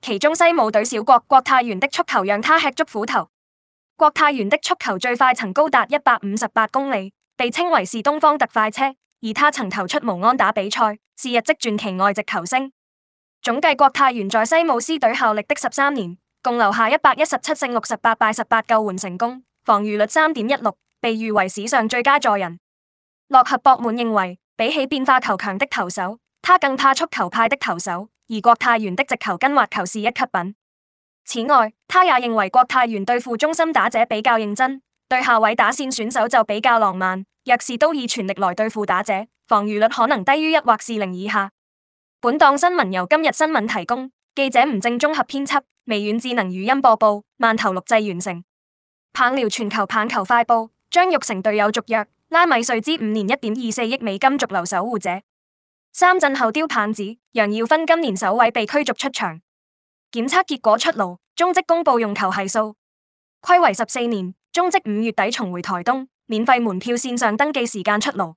其中西武隊小郭郭泰源的速球讓他吃足苦頭。郭泰源的速球最快曾高達一百五十八公里，被稱為是東方特快車。而他曾投出無安打比賽，是日職傳奇外籍球星。總計郭泰源在西武獅隊效力的十三年，共留下一百一十七勝六十八敗十八救援成功，防禦率三點一六，被譽為史上最佳助人。落合博滿認為，比起變化球強的投手，他更怕速球派的投手。而郭泰源的直球跟滑球是一級品。此外，他也認為郭泰源對付中心打者比較認真，對下位打線選手就比較浪漫。若是都以全力來對付打者，防禦率可能低於一或是零以下。本檔新聞由今日新聞提供，記者吳正綜合編輯，微軟智能語音播報，慢頭錄製完成。棒聊全球棒球快報，張育成隊友續約，拉米瑞茲五年一點二四億美金，續留守護者。三陣後丟棒子，楊耀芬今年首位被驅逐出場。檢測結果出爐，中職公布用球係數，規為十四年。中職五月底重回台東，免費門票線上登記時間出爐。